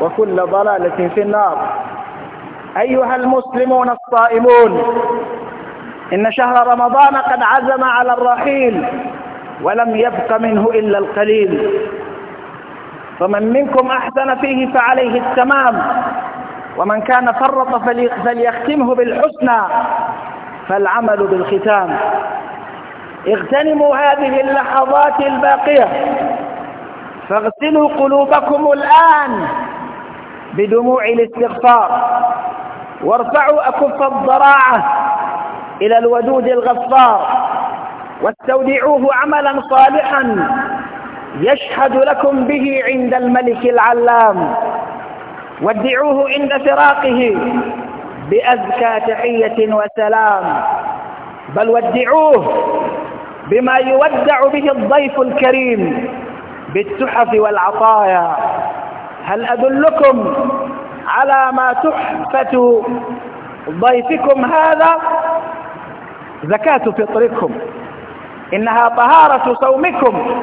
وكل ضلالة في النار أيها المسلمون الصائمون إن شهر رمضان قد عزم على الرحيل ولم يبق منه إلا القليل فمن منكم أحسن فيه فعليه التمام ومن كان فرط فليختمه بالحسنى فالعمل بالختام اغتنموا هذه اللحظات الباقية فاغسلوا قلوبكم الآن بدموع الاستغفار وارفعوا أكف الضراعة إلى الودود الغفار واستودعوه عملا صالحا يشهد لكم به عند الملك العلام ودعوه عند فراقه بأزكى تحية وسلام بل ودعوه بما يودع به الضيف الكريم بالتحف والعطايا هل أدلكم على ما تحفة ضيفكم هذا زكاة فطركم إنها طهارة صومكم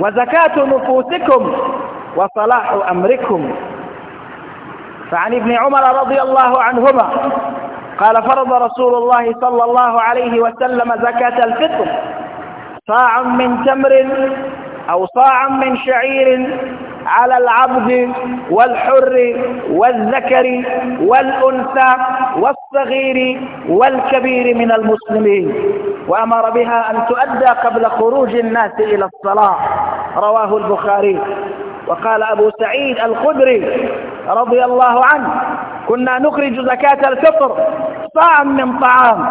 وزكاة نفوسكم وصلاح أمركم فعن ابن عمر رضي الله عنهما قال فرض رسول الله صلى الله عليه وسلم زكاة الفطر صاع من تمر أو صاع من شعير على العبد والحر والذكر والأنثى والصغير والكبير من المسلمين وأمر بها أن تؤدى قبل خروج الناس إلى الصلاة رواه البخاري وقال أبو سعيد الخدري رضي الله عنه كنا نخرج زكاة الفطر صاعا من طعام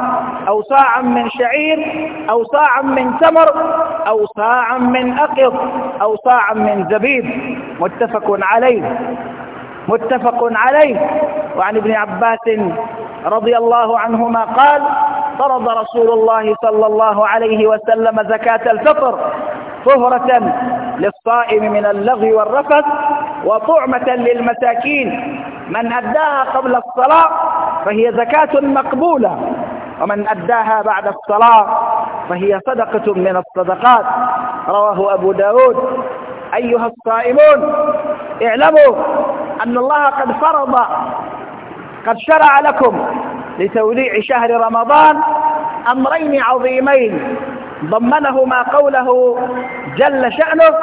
أو صاعا من شعير أو صاعا من تمر أو صاعا من أقط أو صاعا من زبيب متفق عليه متفق عليه وعن ابن عباس رضي الله عنهما قال فرض رسول الله صلى الله عليه وسلم زكاة الفطر طهرة للصائم من اللغو والرفث وطعمة للمساكين من أداها قبل الصلاة فهي زكاة مقبولة ومن أداها بعد الصلاة فهي صدقة من الصدقات رواه أبو داود أيها الصائمون اعلموا أن الله قد فرض قد شرع لكم لتوليع شهر رمضان أمرين عظيمين ضمنهما قوله جل شأنه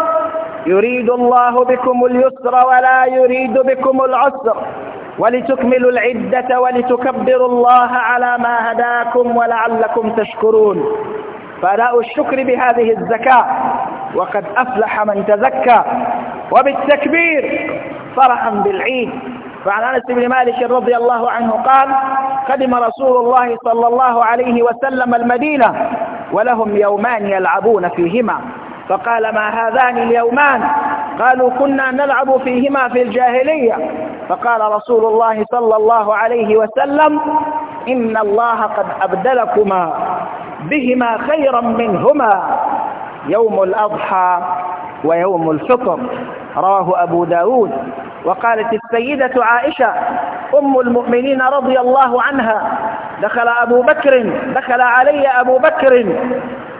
يريد الله بكم اليسر ولا يريد بكم العسر ولتكملوا العدة ولتكبروا الله على ما هداكم ولعلكم تشكرون فأداء الشكر بهذه الزكاة وقد أفلح من تزكى وبالتكبير فرحا بالعيد فعن أنس بن مالك رضي الله عنه قال قدم رسول الله صلى الله عليه وسلم المدينة ولهم يومان يلعبون فيهما فقال ما هذان اليومان قالوا كنا نلعب فيهما في الجاهلية فقال رسول الله صلى الله عليه وسلم إن الله قد أبدلكما بهما خيرا منهما يوم الأضحى ويوم الفطر رواه أبو داود وقالت السيدة عائشة أم المؤمنين رضي الله عنها دخل أبو بكر دخل علي أبو بكر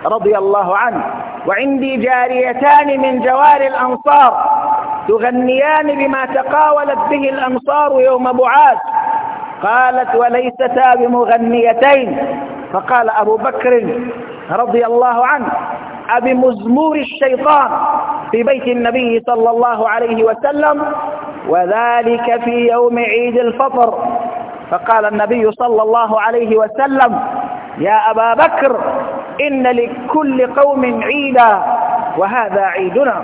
رضي الله عنه وعندي جاريتان من جوار الأنصار تغنيان بما تقاولت به الأنصار يوم بعاث قالت وليستا بمغنيتين فقال أبو بكر رضي الله عنه أبمزمور الشيطان في بيت النبي صلى الله عليه وسلم وذلك في يوم عيد الفطر فقال النبي صلى الله عليه وسلم يا أبا بكر إن لكل قوم عيدا وهذا عيدنا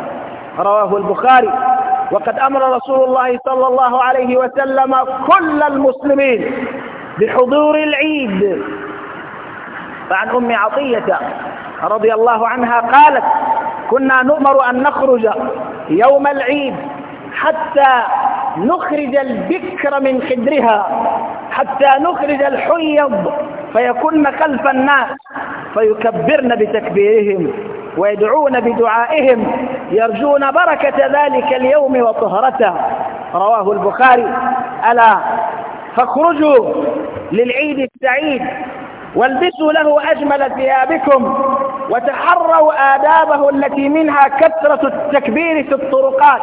رواه البخاري وقد أمر رسول الله صلى الله عليه وسلم كل المسلمين بحضور العيد فعن أم عطية رضي الله عنها قالت كنا نؤمر أن نخرج يوم العيد حتى نخرج البكر من خدرها حتى نخرج الحيض فيكن خلف الناس فيكبرن بتكبيرهم ويدعون بدعائهم يرجون بركة ذلك اليوم وطهرته رواه البخاري ألا فاخرجوا للعيد السعيد والبسوا له أجمل ثيابكم وتحروا آدابه التي منها كثرة التكبير في الطرقات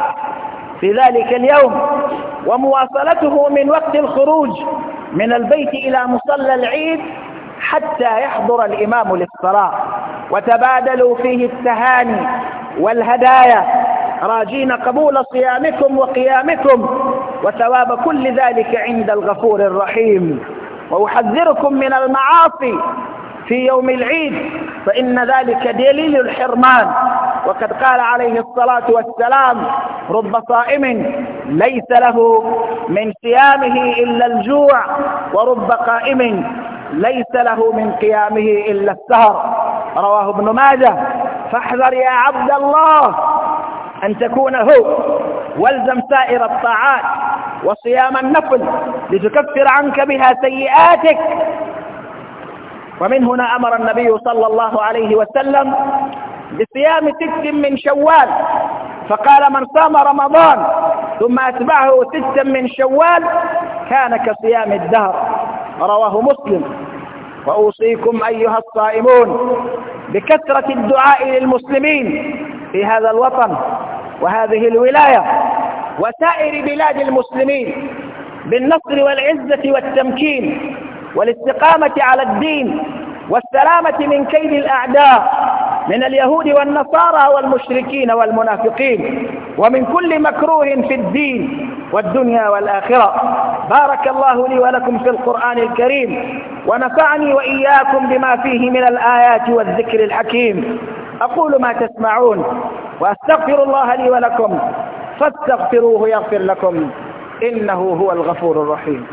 في ذلك اليوم ومواصلته من وقت الخروج من البيت إلى مصلى العيد حتى يحضر الإمام للصلاة وتبادلوا فيه التهاني والهدايا راجين قبول صيامكم وقيامكم وثواب كل ذلك عند الغفور الرحيم وأحذركم من المعاصي في يوم العيد فإن ذلك دليل الحرمان وقد قال عليه الصلاة والسلام رب صائم ليس له من صيامه إلا الجوع ورب قائم ليس له من قيامه إلا السهر رواه ابن ماجه فاحذر يا عبد الله أن تكون هو والزم سائر الطاعات وصيام النفل لتكفر عنك بها سيئاتك ومن هنا أمر النبي صلى الله عليه وسلم بصيام ست من شوال فقال من صام رمضان ثم أتبعه ست من شوال كان كصيام الدهر رواه مسلم وأوصيكم أيها الصائمون بكثرة الدعاء للمسلمين في هذا الوطن وهذه الولاية وسائر بلاد المسلمين بالنصر والعزة والتمكين والاستقامة على الدين والسلامة من كيد الأعداء من اليهود والنصارى والمشركين والمنافقين ومن كل مكروه في الدين والدنيا والآخرة بارك الله لي ولكم في القرآن الكريم ونفعني وإياكم بما فيه من الآيات والذكر الحكيم أقول ما تسمعون وأستغفر الله لي ولكم فاستغفروه يغفر لكم إنه هو الغفور الرحيم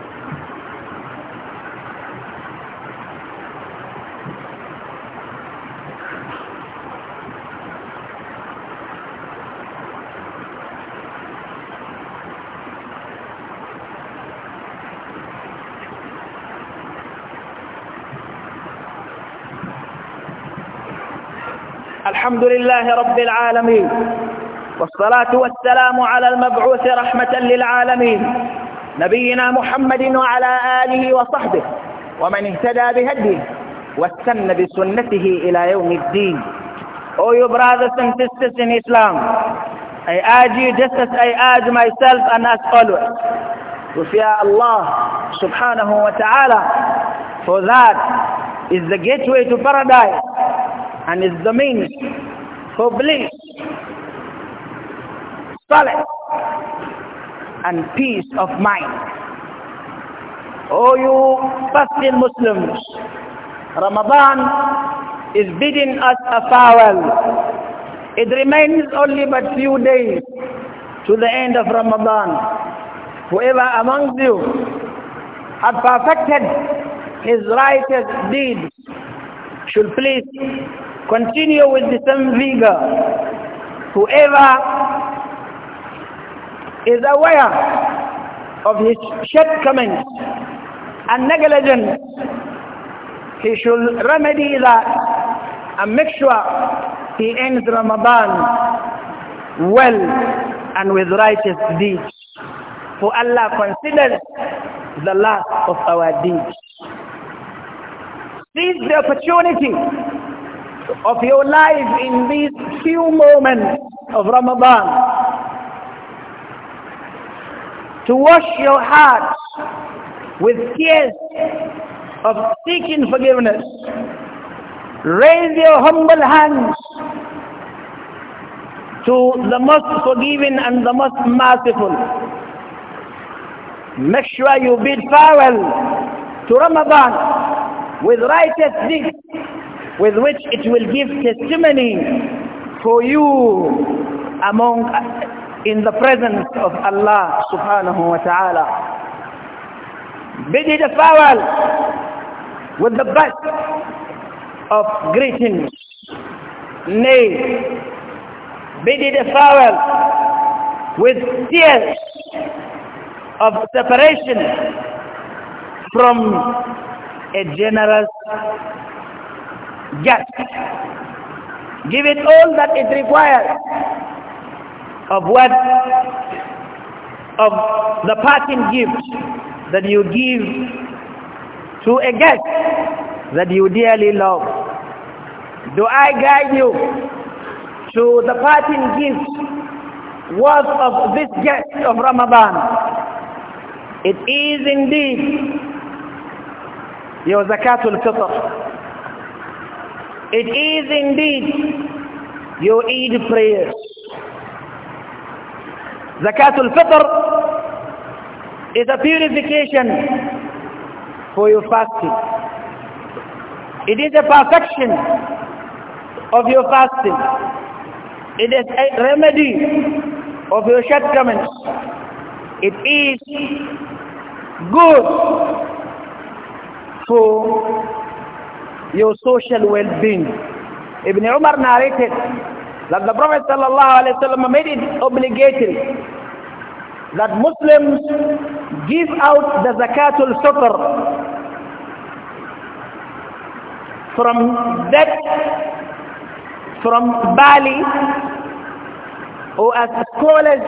الحمد لله رب العالمين والصلاة والسلام على المبعوث رحمة للعالمين نبينا محمد وعلى آله وصحبه ومن اهتدى بهديه واستنى بسنته إلى يوم الدين Oh you brothers and sisters in Islam I urge you just as I urge myself and as always to fear Allah subhanahu wa ta'ala for that is the gateway to paradise and is the means Public, solid, and peace of mind. O oh, you fasting Muslims, Ramadan is bidding us a farewell. It remains only but few days to the end of Ramadan. Whoever amongst you had perfected his righteous deeds should please continue with the same vigor. Whoever is aware of his shortcomings and negligence, he should remedy that and make sure he ends Ramadan well and with righteous deeds. For Allah considers the last of our deeds. Seize the opportunity of your life in these few moments of Ramadan. To wash your heart with tears of seeking forgiveness. Raise your humble hands to the most forgiving and the most merciful. Make sure you bid farewell to Ramadan with righteous deeds with which it will give testimony for you among uh, in the presence of Allah subhanahu wa ta'ala bid farewell with the best of greetings nay bid the farewell with tears of separation from a generous just. Give it all that it requires of what of the parting gift that you give to a guest that you dearly love. Do I guide you to the parting gift worth of this guest of Ramadan? It is indeed your zakatul fitr it is indeed your Eid prayers. Zakatul Fitr is a purification for your fasting. It is a perfection of your fasting. It is a remedy of your shortcomings. It is good for your social well-being. Ibn Umar narrated that the Prophet ﷺ made it obligatory that Muslims give out the zakatul fitr from that from Bali or as scholars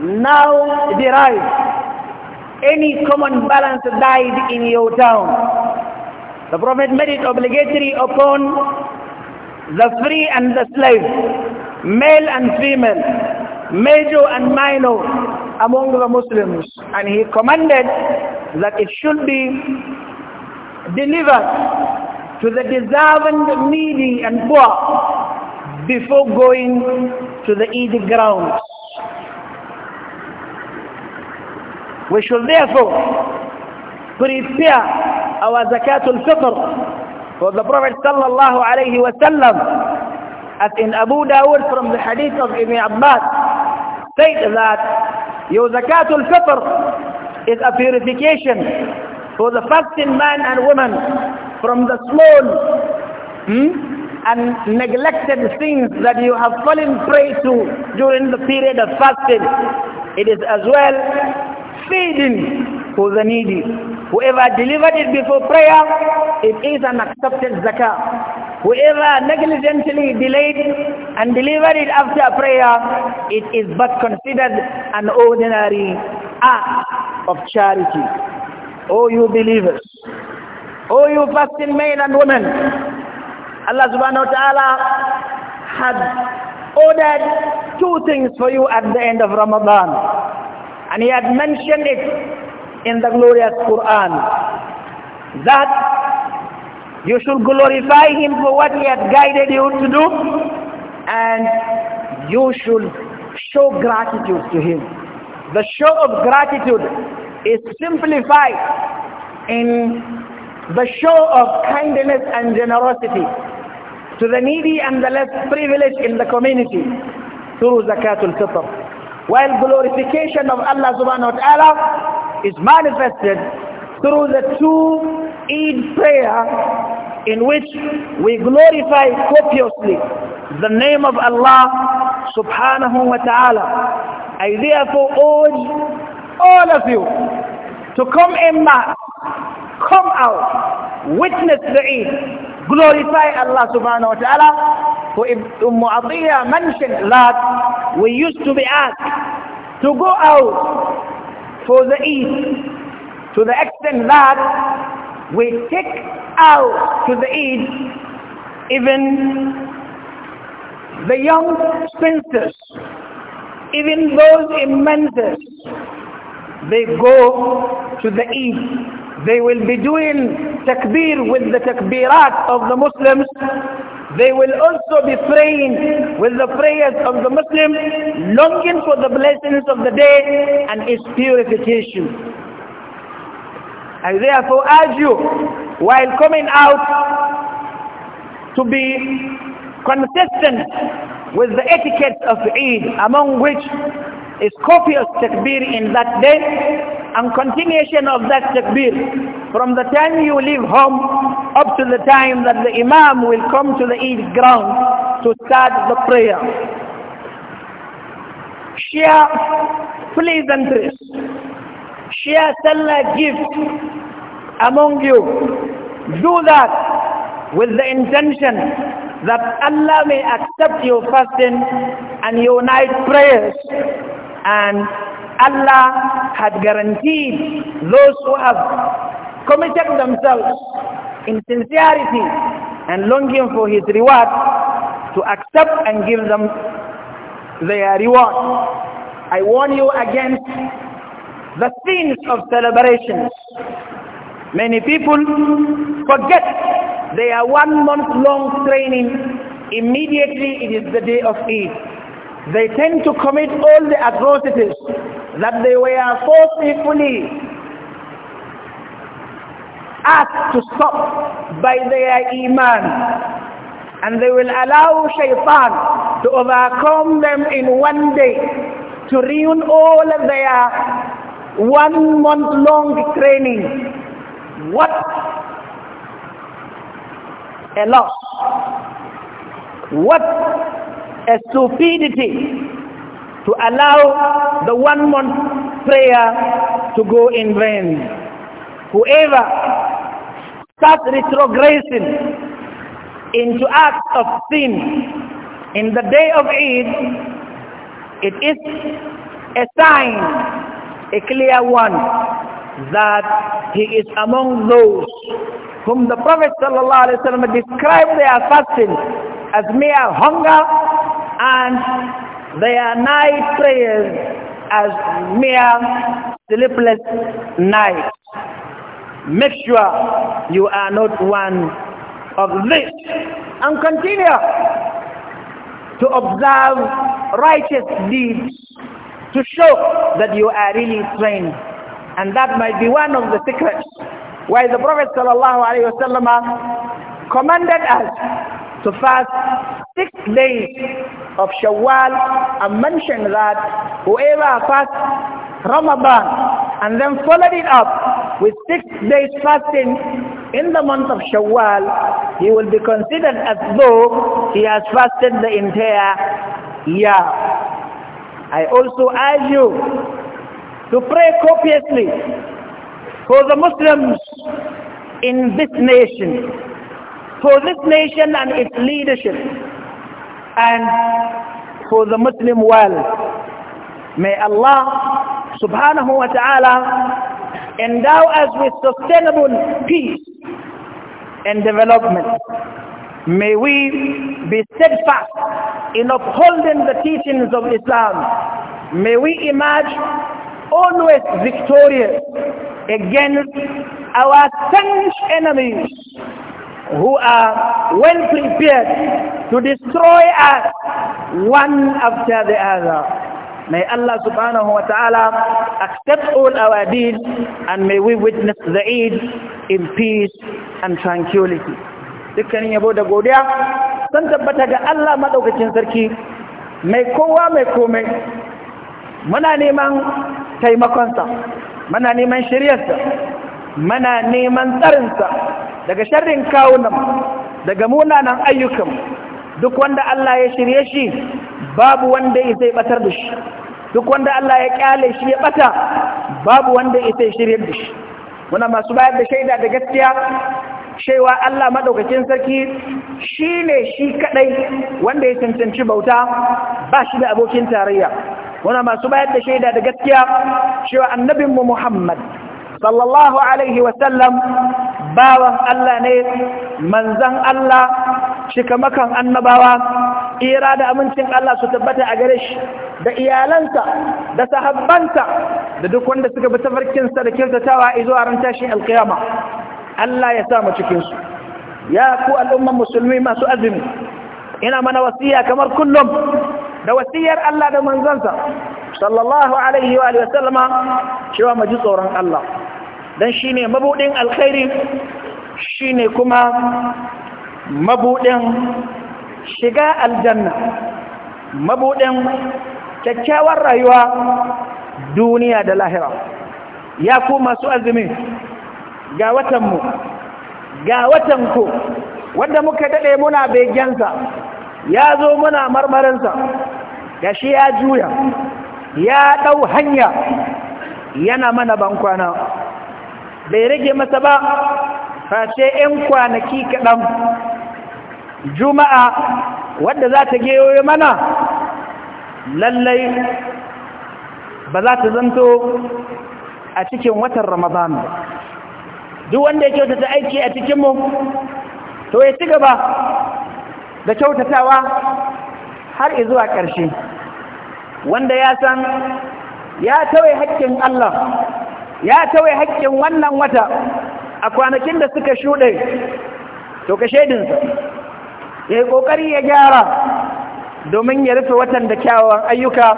now derive any common balance died in your town the Prophet made it obligatory upon the free and the slave, male and female, major and minor among the Muslims. And he commanded that it should be delivered to the deserving, needy and poor before going to the Eid grounds. We should therefore prepare our zakatul fitr for the prophet sallallahu الله عليه وسلم. as in Abu Dawud from the hadith of Ibn Abbas said that your al fitr is a purification for the fasting man and woman from the small hmm, and neglected things that you have fallen prey to during the period of fasting. It is as well feeding for the needy. Whoever delivered it before prayer, it is an accepted zakah. Whoever negligently delayed and delivered it after prayer, it is but considered an ordinary act of charity. O oh, you believers, O oh, you fasting men and women, Allah subhanahu wa ta'ala had ordered two things for you at the end of Ramadan. And he had mentioned it in the glorious Quran that you should glorify him for what he has guided you to do and you should show gratitude to him. The show of gratitude is simplified in the show of kindness and generosity to the needy and the less privileged in the community through zakatul fitr while glorification of Allah subhanahu wa ta'ala is manifested through the two Eid prayer in which we glorify copiously the name of Allah subhanahu wa ta'ala. I therefore urge all of you to come in mass, come out, witness the Eid, glorify Allah subhanahu wa ta'ala so if Umm mentioned that we used to be asked to go out for the Eid to the extent that we take out to the Eid even the young spinsters, even those in they go to the Eid. They will be doing takbir with the takbirat of the Muslims they will also be praying with the prayers of the Muslim, longing for the blessings of the day and its purification. I therefore urge you, while coming out, to be consistent with the etiquette of Eid, among which is copious takbir in that day, and continuation of that takbir from the time you leave home up to the time that the imam will come to the Eid ground to start the prayer. Share pleasantries. Share Salah gifts among you. Do that with the intention that Allah may accept your fasting and unite prayers and Allah had guaranteed those who have committed themselves in sincerity and longing for his reward to accept and give them their reward. I warn you against the sins of celebrations. Many people forget their one month long training immediately it is the day of Eid they tend to commit all the atrocities that they were forcefully asked to stop by their iman and they will allow shaitan to overcome them in one day to ruin all their one month long training what a loss what a stupidity to allow the one month prayer to go in vain. Whoever starts retrogressing into acts of sin in the day of Eid, it is a sign, a clear one, that he is among those whom the Prophet ﷺ described their fasting as mere hunger and their night prayers as mere sleepless nights. Make sure you are not one of this and continue to observe righteous deeds to show that you are really trained. And that might be one of the secrets why the Prophet ﷺ commanded us to fast six days of Shawwal and mentioned that whoever fast Ramadan and then followed it up with six days fasting in the month of Shawwal, he will be considered as though he has fasted the entire year. I also urge you to pray copiously for the Muslims in this nation for this nation and its leadership and for the Muslim world. May Allah subhanahu wa ta'ala endow us with sustainable peace and development. May we be steadfast in upholding the teachings of Islam. May we emerge always victorious against our staunch enemies who are well prepared to destroy us one after the other. May Allah subhanahu wa ta'ala accept all our deeds and may we witness the Eid in peace and tranquility. Dukkanin yabo da godiya sun tabbata ga Allah maɗaukacin sarki mai kowa mai komai. Muna neman taimakonsa, muna neman shiryarsa, muna neman tsarinsa, daga sharrin kawunan daga munanan ayyukan duk wanda Allah ya shirye shi babu wanda ya batar da shi duk wanda Allah ya kyale shi ya bata babu wanda ya shirye da shi muna masu bayar da shaida da gaskiya shewa Allah Madaukakin sarki shi ne shi kadai, wanda ya tantance bauta ba shi da abokin tarayya muna masu bayar da shaida da gaskiya cewa annabinmu Muhammad sallallahu alaihi wa sallam. bawan Allah ne manzan Allah shikamakan annabawa ira da amincin Allah su tabbata a gare shi da iyalansa da sahabbanta da duk wanda suka bi tafarkinsa da kirtatawa a ran tashin alkiyama Allah ya sa mu cikin su ya ku al'umman musulmi masu azumi ina mana wasiya kamar kullum da wasiyar Allah da manzansa sallallahu alaihi wa sallama cewa mu ji tsoron Allah don shine ne mabuɗin alkhairi shine kuma mabuɗin shiga aljanna mabuɗin kyakkyawar rayuwa duniya da lahira ya ku masu azumi ga watanmu ga watanku wanda muka daɗe muna begensa ya zo muna marmarinsa ga shi ya juya ya ɗau hanya yana mana bankwana bai rage masa ba face 'yan kwanaki kaɗan juma'a wadda za ta geyoyi mana lallai ba za ta zanto a cikin watan ramadan duk wanda ya kyautata aiki a cikinmu to ya ci gaba da kyautatawa har izuwa ƙarshe wanda ya san ya tawaye haƙƙin Allah ya tawe haƙƙin wannan wata a kwanakin da suka shuɗe to ka shaidinsa ya yi ƙoƙari ya gyara domin ya rufe watan da kyawawan ayyuka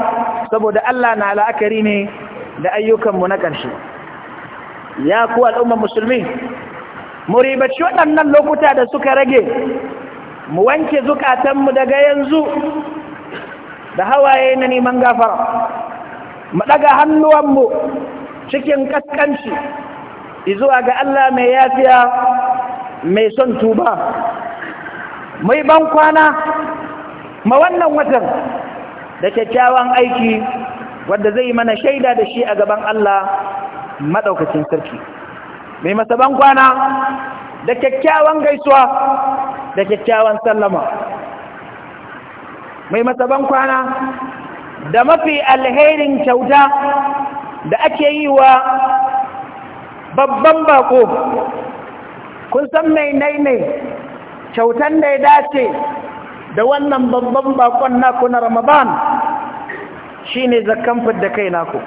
saboda Allah na la'akari ne da ayyukanmu na ƙarshe ya ku al'ummar musulmi muribaci waɗannan lokuta da suka rage mu wanke zukatanmu daga yanzu da hawaye na neman gafara mu ɗaga hannuwanmu cikin ƙasƙanci, izuwa ga Allah mai yafiya mai son tuba mai ban kwana ma wannan watan da kyakkyawan aiki wadda zai mana shaida da shi a gaban Allah maɗaukacin sarki mai masa ban kwana da kyakkyawan gaisuwa da kyakkyawan sallama mai masa ban kwana da mafi alherin kyauta da ake yi wa babban bako kun san mai nai ne kyautan da ya dace da wannan babban bakon naku na ramadan shi ne zakan fidda kai naku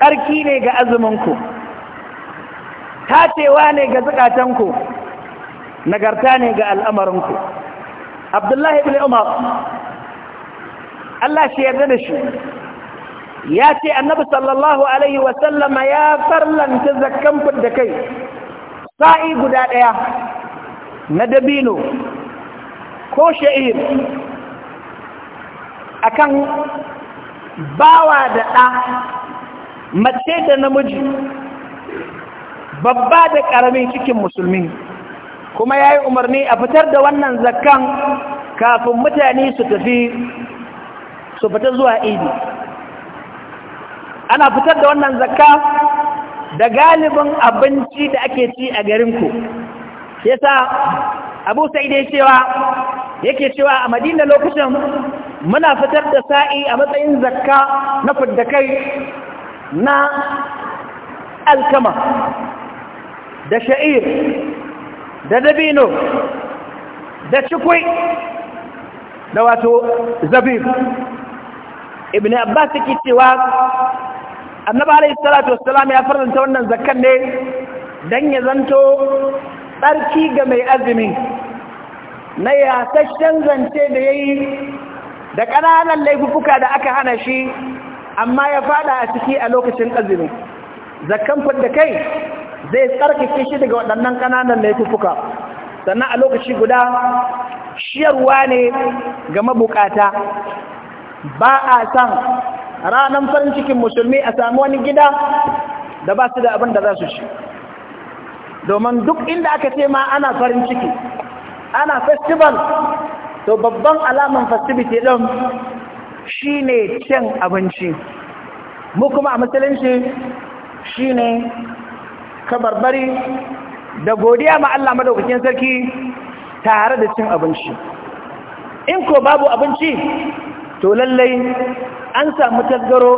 ƙarki ne ga azuminku tacewa ne ga zukatanku nagarta ne ga al'amarinku abdullahi ibn umar Allah shi yarda da shi ya ce annabi sallallahu alaihi wasallama ya farlanta zakkan da kai sa'i guda ɗaya na dabino ko sha'ir akan bawa da ɗa mace da namiji babba da ƙaramin cikin musulmi kuma ya yi umarni a fitar da wannan zakkan kafin mutane su tafi su fita zuwa idi ana fitar da wannan zakka da galibin abinci da ake ci a garinku ku yasa abu sai dai cewa yake cewa a madina lokacin muna fitar da sa'i a matsayin zakka na fuddakai na alkama da sha'ir da dabino da cikwai da wato zabib ibn abbas yake cewa annabi alaihi salatu wassalam ya faranta wannan zakkan ne dan ya zanto tsarki ga mai azumi na yasashen zance da yayi da ƙananan laifuka da aka hana shi amma ya fada a ciki a lokacin azumi zakkan fadda kai zai tsarkake shi daga waɗannan ƙananan laifuka sannan a lokaci guda shiyarwa ne ga mabukata ba a san ranar farin cikin musulmi a sami wani gida da ba su da abin da za su ci domin duk inda aka ce ma ana farin ciki ana festival to babban alaman festivity ɗin shi ne cin abinci mu kuma a musulunci shi ne kabarbari da godiya ma Allah madaukakin sarki tare da cin abinci in ko babu abinci to lallai an samu tasgaro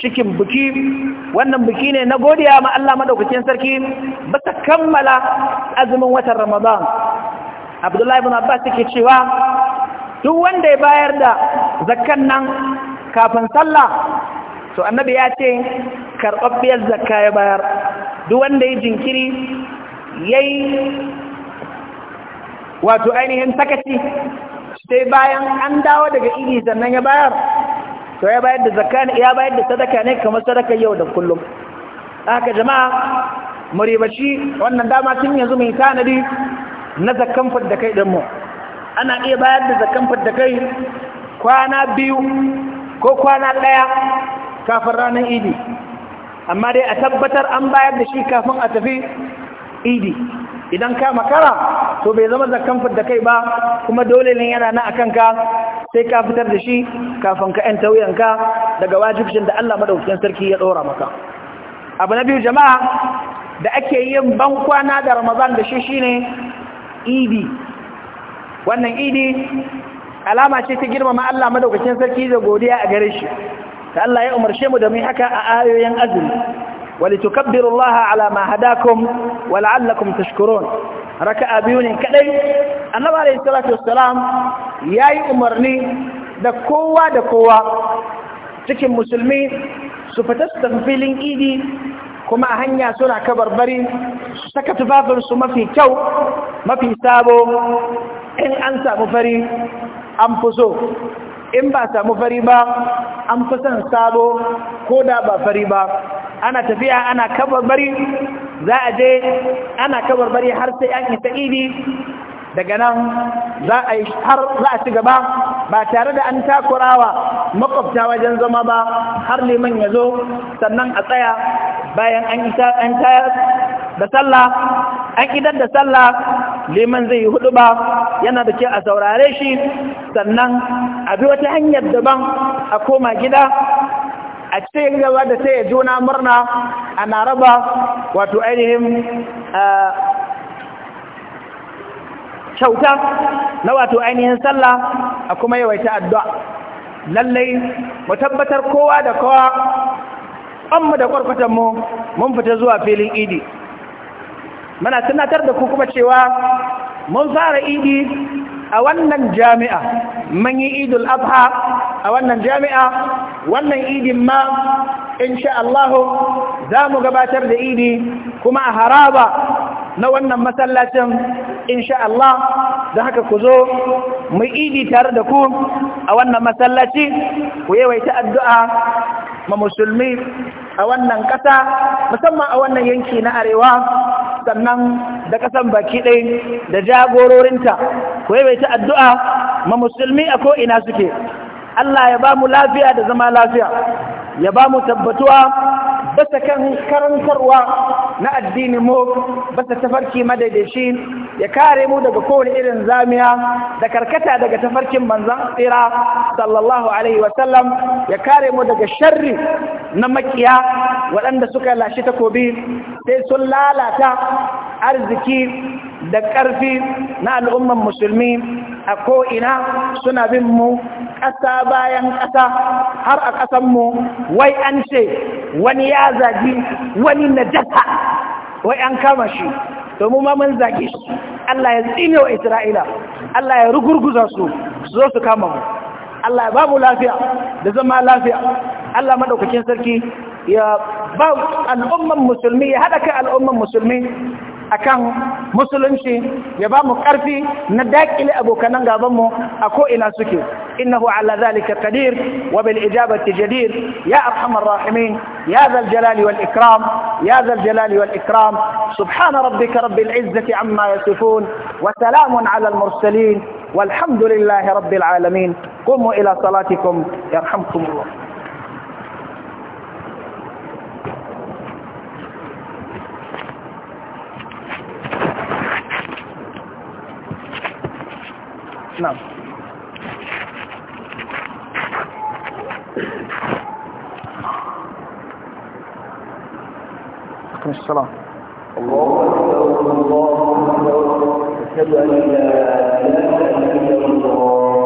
cikin biki wannan biki ne na godiya ma Allah madaukakin sarki ba ta kammala azumin watan Ramadan Abdullahi ibn Abbas yake cewa duk wanda ya bayar da zakkan nan kafin sallah to annabi ya ce karɓaɓɓiyar zakka ya bayar duk wanda ya jinkiri yayi wato ainihin sakaci bayan an dawo daga idi sannan ya bayar to ya bayar da zakka ya bayar da sadaka ne kamar sadaka yau da kullum Aka jama'a muribaci wannan dama tun yanzu mai tanadi na zakkan fadda kai mu ana iya bayar da zakkan fadda kwana biyu ko kwana ɗaya kafin ranar idi amma dai a tabbatar an bayar da shi kafin a tafi idi idan ka makara to bai zama zakan da kai ba kuma dole ne yana na akan ka sai ka fitar da shi kafin ka yanta wuyanka daga wajibcin da Allah madaukakin sarki ya dora maka abu na biyu jama'a da ake yin ban kwana da Ramadan da shi shine idi wannan idi alama ce ta girmama Allah madaukakin sarki da godiya a gare shi ta Allah ya umarce mu da mu haka a ayoyin azumi ولتكبروا الله على ما هداكم ولعلكم تشكرون raka'a biyu ne kadai annabi alayhi salatu wassalam yayi umarni da kowa da kowa cikin musulmi su fita su filin idi kuma a hanya suna kabarbari su saka tufafinsu mafi kyau mafi sabo in an samu fari an fi so in ba samu fari ba an fi son sabo ko da ba fari ba ana tafiya ana bari za a je ana kabarbari har sai an isa idi daga nan za a yi har za a ci gaba ba tare da an takurawa makwabta wajen zama ba har liman ya zo sannan a tsaya bayan an isa tayar da sallah an idan da sallah liman zai yi hudu ba yana da ke a saurare shi sannan a bi wata hanyar daban a koma gida a cikin gaba da sai juna murna a raba wato ainihin ah, kyauta na wato ainihin sallah a kuma yawaita addu'a lallai mu tabbatar kowa da kowa amma da kwarkwatan mu mun fita zuwa filin idi muna tunatar da ku kuma cewa mun fara idi a wannan jami'a mun yi idul adha a wannan jami'a wannan idin ma insha Allah za mu gabatar da idi kuma a haraba na wannan masallacin insha Allah da haka ku zo mai idi tare da ku a wannan masallaci ku yawaita addu'a ma musulmi a wannan ƙasa musamman a wannan yanki na arewa sannan da ƙasan baki ɗai da jagororinta ku yawaita addu'a ma musulmi a ko'ina suke Allah ya ba mu lafiya da zama lafiya ya ba mu tabbatuwa بس كان كرنسر ونأدين موك بس تفركي مدى دي ya kare mu daga kowane irin zamiya da karkata daga tafarkin manzan tsira sallallahu alaihi wasallam ya kare mu daga sharri na makiya waɗanda suka lashe takobi sai sun lalata arziki da ƙarfi na al'umman musulmi a ko'ina suna bin mu ƙasa bayan ƙasa har a ƙasanmu wai an ce wani ya zagi wani najasa wai an kama shi domin ma mun shi Allah ya tsine wa Isra'ila Allah ya rugurguza su su zo su kama mu Allah ya babu lafiya da zama lafiya Allah madaukakin sarki ya ba al'umman musulmi ya haɗa kai al'umman musulmi akan musulunci ya ba mu ƙarfi na daƙile abokanan gabanmu a ko'ina suke innahu ala zalika qadir wa bil ijabati jadir ya arhamar rahimin ya zal jalali wal ikram ya zal jalali wal ikram subhana rabbika rabbil izzati amma yasifun wa salamun ala al mursalin والحمد لله رب العالمين قوموا إلى صلاتكم يرحمكم الله نعم أقم الصلاة الله أكبر الله أكبر أشهد أن لا إله إلا الله